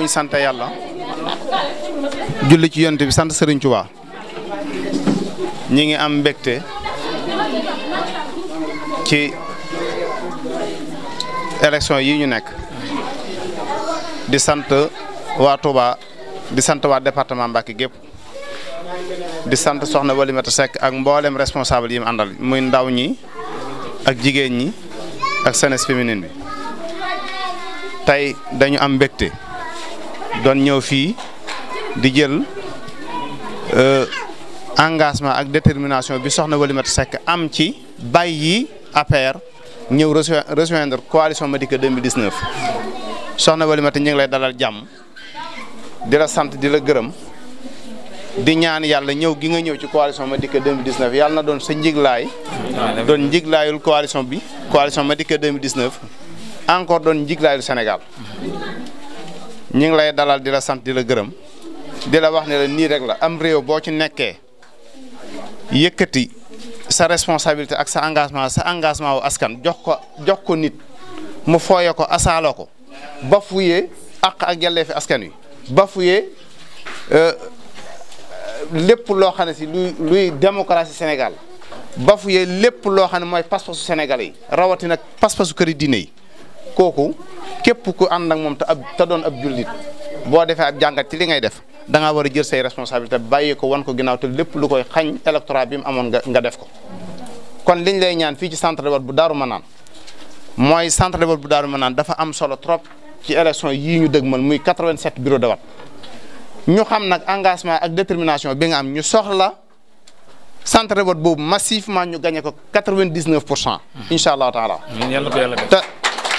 bu ñu sante yàlla julli ci yonent bi sant Serigne Touba ñi ngi am mbégte ci élection yi ñu nekk di sant waa Touba di sant waa département Mbacké gépp di sant soxna Walimata Seck ak mboolem responsable yi mu muy ndaw ñi ak jigéen ñi ak jeunesse féminine bi tey dañu am mbégte doon ñëw fii di jël euh, engagement ak détermination bi soxna walimati Seck am ci bàyyi APR ñëw rejoindre coalition Madické 2019 soxna Walimat ñu ngi lay dalal jàmm di la sant di la gërëm di ñaan yàlla ñëw gi nga ñëw ci coalition Madické 2019 yàlla na doon sa njiglaay doon njiglaayul coalition bi coalition Madické 2019 encore doon njiglaayul Sénégal ñi ngi lay dalal di la sant di la gërëm di la wax ne la nii rek la am réew boo ci nekkee yëkkati sa responsabilité ak sa engagement sa engagement wu askan jox ko jox ko nit mu fooye ko asaaloo ko ba fuyee àq ak yelleefi askan wi ba fuyee euh, lépp loo xam ne si luy luy démocratie Sénégal ba fuyee lépp loo xam ne mooy pas-pasu Sénégal yi rawatina pas-pasu këri diine yi kooku képp ku ànd ak moom te ab doon ab jullit boo defee ab jàngat ci li ngay def da ngaa war a jël say responsabilité bàyyi ko wan ko ginnaaw lépp lu koy xañ électorat bi mu amoon nga nga def ko. kon liñ lay ñaan fii ci centre de vote bu Daaru Manaan mooy centre de vote bu Daaru naan dafa am solo trop ci élection yii ñu dëgmal muy 87 bureau de vote ñu xam nag engagement ak détermination bi nga am ñu soxla. centre de vote boobu ma ñu gagné ko quatre pour cent. Hmm. incha allah taala. Hmm,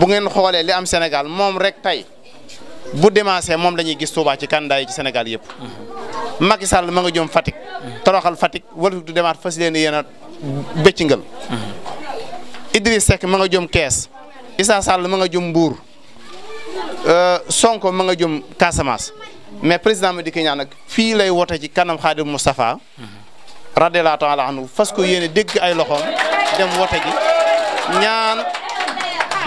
bu ngeen xoolee li am Sénégal moom rek tey bu demancé moom la ñuy gis Touba ci candidat ci Sénégal yëpp. Macky Sall ma nga jëm Fatick. toroxal Fatick wala du demaat fas leen yéen a bëccingal. Idriss Seck ma nga jëm Kees Issa Sall ma nga jëm Mbour euh, Sonko ma nga jëm Casamance mais président ma di ñaan fii lay woote ci kanam Xaadim Moustapha. radiyallahu taala anhu fas ko yéene dégg ay loxoom dem woote ñaan.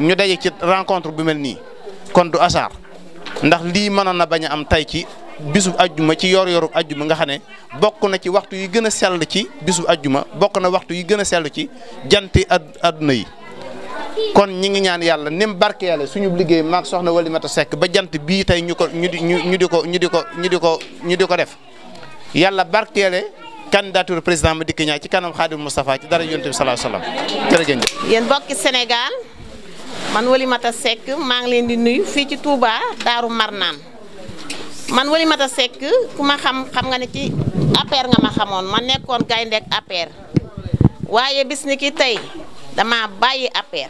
ñu daje ci rencontre bu mel nii kon du asaar ndax lii mënoon na bañ am tay ci bisu ajjuma ci yor-yoru ajjuma nga xam ne bokk na ci waxtu yu gën a sell ci bisu ajjuma bokk na waxtu yu gën a sell ci janti adduna yi. kon ñi ngi ñaan yàlla nim barke yàlla suñu liggéey maag soxna Walimata Seck ba jant bii tey ñu ko ñu di ñu di ko ñu di ko ñu di ko ñu di ko def yàlla barkeele candidature président Madické Niang ci kanam Khadim Moustapha ci dara yonent bi sallallahu alayhi wasallam jërëjëf yéen mbokki Sénégal man mata sek ma ngi len di nuy fi ci Touba daru marnan man wali mata sek kuma xam xam nga ne ci aper nga ma xamoon ma nekkoon gayndeek aper waye bis ni ki tay dama bayyi aper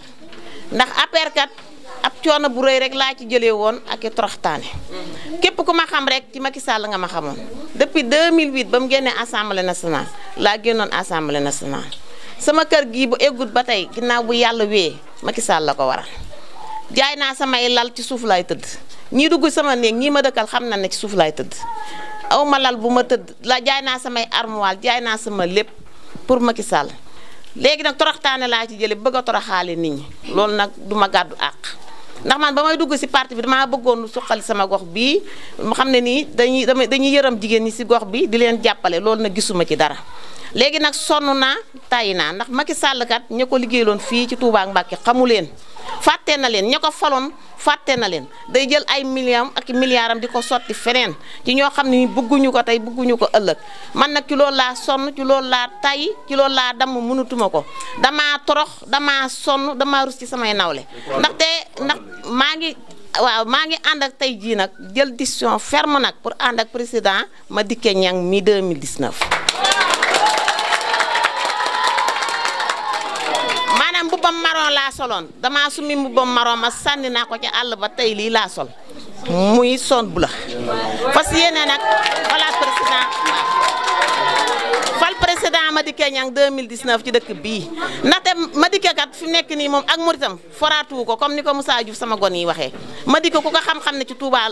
ndax aper kat ab coono bu reuy rek la ci jele won ak i kep ku ma xam rek ci Macky Sall nga ma xamone depuis 2008 bam mu assemblée nationale la génnoon assemblée nationale sama kër gi bu eggut batay tey bu yalla wé Macky Sall la ko waral jaay naa samay lal ci suuf laay tëdd ñii dugg sama néeg ñii ma dëkkal xam na ne ci suuf laay tëdd aw ma lal bu ma tëdd la jaay naa samay armoire jaay naa sama lépp pour Macky Sall léegi nag toroxtaane laa ci jële bëgg a toroxaale nit ñi loolu nag du ma gàddu àq ndax man ba may dugg si parti bi damaa bëggoon suqali sama gox bii mu xam ne nii dañuy dañuy yërëm jigéen ñi si gox bi di leen jàppale lool na gisuma ci dara. léegi nag sonn naa tàyyi naa ndax Macky Sall kat ña ko loon fii ci tuubaak Mbacké xamu leen. fàtte na leen ña ko faloon fàtte na leen day jël ay millions ak milliards am di ko sotti feneen ci ñoo xam ne bëgguñu ko tey bëgguñu ko ëllëg man na ci laa sonn ci loolu laa tay ci laa damm mënatuma ko dama torox dama sonn dama rus ci samay nawle ndaxte ndax maa ngi waaw maa ngi ànd ak tey jii nag jël décision ferme nag pour ànd ak président Madické Niang mi 2019 mbubbam maroon laa soloon damaa summi mbubbam maroon ma sànni naa ko ci àll ba tey lii laa sol muy son bu la fas yéene nag voilà président président Madické Niang 2019 ci dëkk bii ndaxte Madické kat fi nekk ni moom ak muritam foraatu ko comme ni ko Moussa Diouf sama gon yi waxee Madické ku ko xam-xam ne ci Touba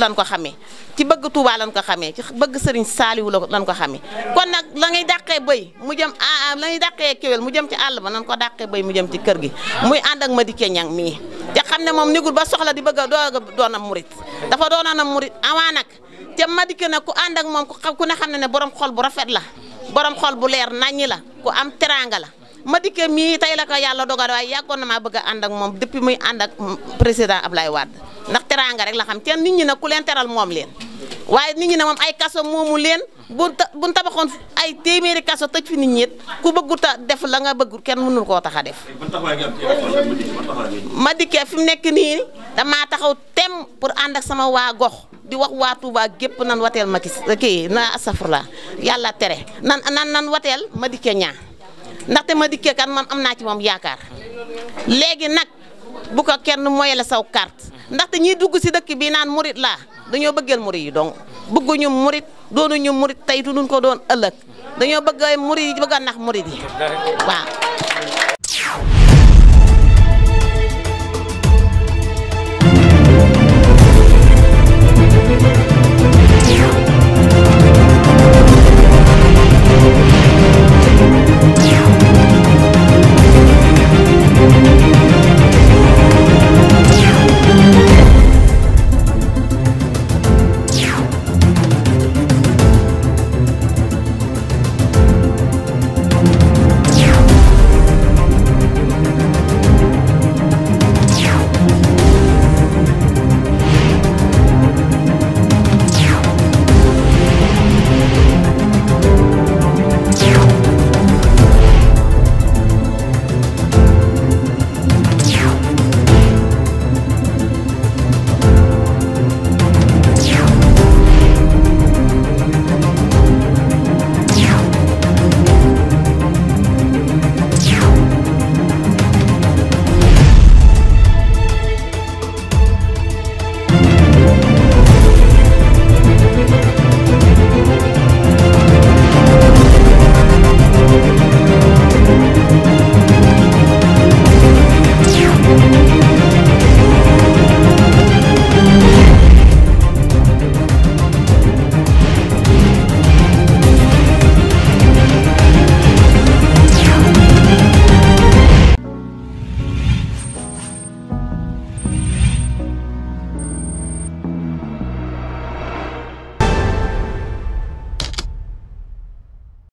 lan ko xamee ci bëgg Touba lan ko xamee ci bëgg Serigne Saliou lan ko xamee kon nag la ngay dàqee bëy mu jëm a ah, ah, la ngay dàqee kéwél mu jëm ci àll ba nan ko dàqee bëy mu jëm ci kër gi muy ànd ak Madické Niang mii te xam ne moom nigul ba soxla di bëgg a dooga doon am murit dafa doonoon am murit avant nag te Madické nag ku ànd ak ku ne xam ne ne borom xol bu rafet la borom xol bu leer naññi la ku am teraanga la ma dikkee mii tey la ko yàlla dogal waaye yàggoon na maa bëgg a ànd ak moom depuis muy ànd ak président Ablaye Wade ndax teraanga rek la xam te nit ñi nag ku leen teral moom leen. waye nit ñi ne mom ay kasso momu len bu buñ tabaxoon ay téméré kasso tëj fi nit ñet ku bëgguta def la nga bëgg kenn mënul ko taxa def ma dikkee fi nekk ni dama taxaw tém pour and ak sama wa gox di wax wa Touba gep nan watel ma gis kii na safurla yalla téré nan nan nan watel ma dikkee ndax té ma dikkee kan man amna ci mom yaakar légui nak bu ko kenn moyele saw carte té ñi dugg ci dëkk bi naan murit la dañoo bëggeel murit yi donc bëgguñu murit doonuñu murit tey du ñu ko doon ëllëg dañoo bëgg murit yi bëgg a nax murit yi waaw